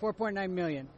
4.9 million.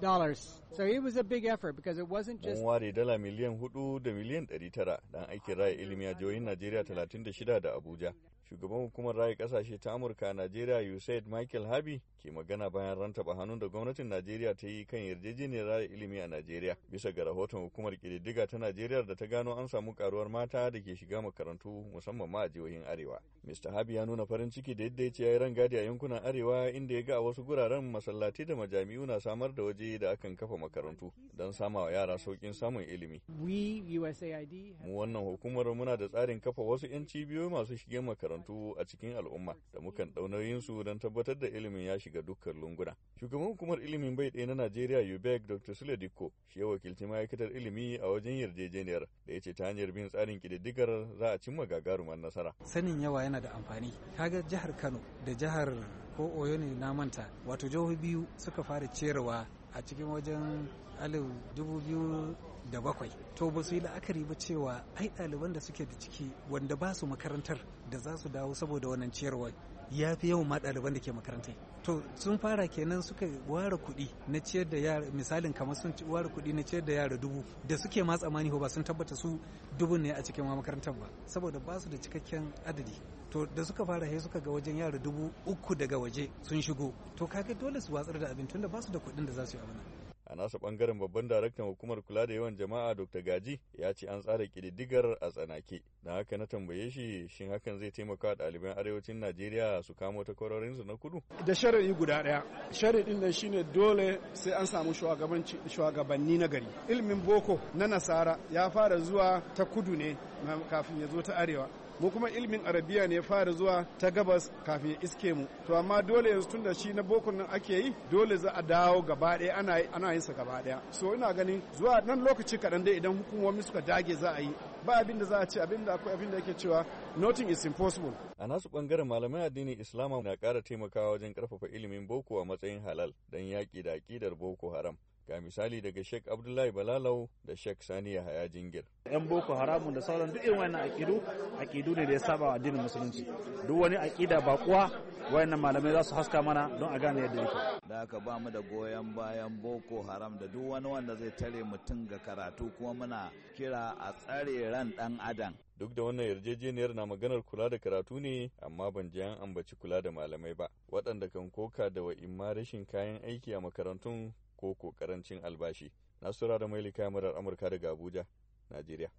Dollars. So it was a big effort because it wasn't just... Mun ware dala miliyan hudu da miliyan ɗari tara don aikin raya ilimi a jihohin Najeriya 36 da Abuja. shugaban hukumar raya kasashe ta amurka a najeriya usaid michael habi ke magana bayan rantaba hannun da gwamnatin najeriya ta yi kan yarjejeniyar raya ilimi a najeriya bisa ga rahoton hukumar kididdiga ta najeriya da ta gano an samu karuwar mata da ke shiga makarantu musamman ma a jihohin arewa mr habi ya nuna farin ciki da yadda ya ce ya yi rangadi a yankunan arewa inda ya ga a wasu guraren masallatai da majami'u na samar da waje da akan kafa makarantu don sama wa yara sauƙin samun ilimi mu wannan hukumar muna da tsarin kafa wasu 'yan cibiyoyi masu shigen makarantu makarantu a cikin al'umma da mukan ɗau su don tabbatar da ilimin ya shiga dukkan lunguna. Shugaban hukumar ilimin bai ɗaya na Najeriya UBEC Dr. Sule Dikko shi ya wakilci ma'aikatar ilimi a wajen yarjejeniyar da ya ce ta hanyar bin tsarin ƙididdigar za a cimma gagarumar nasara. Sanin yawa yana da amfani. Kaga jihar Kano da jihar ko Oyo ne na manta wato jihohi biyu suka fara cerewa a cikin wajen alif dubu biyu da bakwai to ba su yi la'akari ba cewa ai ɗaliban da suke da ciki wanda ba su makarantar da za su dawo saboda wannan ciyarwa ya fi yawan ma ɗaliban da ke makarantai to sun fara kenan suka ware kuɗi na ciyar da yara misalin kamar sun ware kuɗi na ciyar da yara dubu da suke ma tsammani ba sun tabbata su dubu ne a cikin makarantar ba saboda ba su da cikakken adadi to da suka fara sai suka ga wajen yara dubu uku daga waje sun shigo to kaga dole su watsar da abin tunda ba su da kuɗin da za su yi abin a nasa bangaren babban daraktan hukumar kula da yawan jama'a dr gaji ya ce an tsara kididdigar a tsanake da haka na tambaye shi shin hakan zai taimaka ɗaliban arewacin najeriya su kamo kwararinsu na kudu da shari'i guda ɗaya shari'in nan shine dole sai an samu shugabanni na gari ilimin boko na nasara ya fara zuwa ta kudu ne kafin ya zo ta arewa mu kuma ilimin arabiya ne fara zuwa ta gabas kafin ya iske mu to amma dole yanzu tun da shi na boko nan ake yi dole za a dawo gaba ɗaya ana ana yin sa gaba ɗaya so ina ganin zuwa nan lokaci kaɗan dai idan hukumomi suka dage za a yi ba abin da za a ce abin da akwai abin da yake cewa nothing is impossible a nasu bangaren malamai addinin islama na ƙara taimakawa wajen ƙarfafa ilimin boko a matsayin halal don yaƙi da aƙidar boko haram Ga misali daga Sheikh Abdullahi Balalau da Sheikh Sani haya Jingir. Yan boko haramun da sauran duk irin wannan aƙidu, aƙidu ne da ya saba wa addinin musulunci. Duk wani aƙida ba kuwa wayannan malamai za su haska mana don a gane yadda yake. Da aka ba mu da goyon bayan boko haram da duk wani wanda zai tare mutum ga karatu kuma muna kira a tsare ran ɗan adam. duk da wannan yarjejeniyar na maganar kula da karatu ne amma ban ji an ambaci kula da malamai ba waɗanda kan koka da wa'imma rashin kayan aiki a makarantun ko ko karancin albashi. Nasura da mai murar Amurka daga Abuja, Najeriya.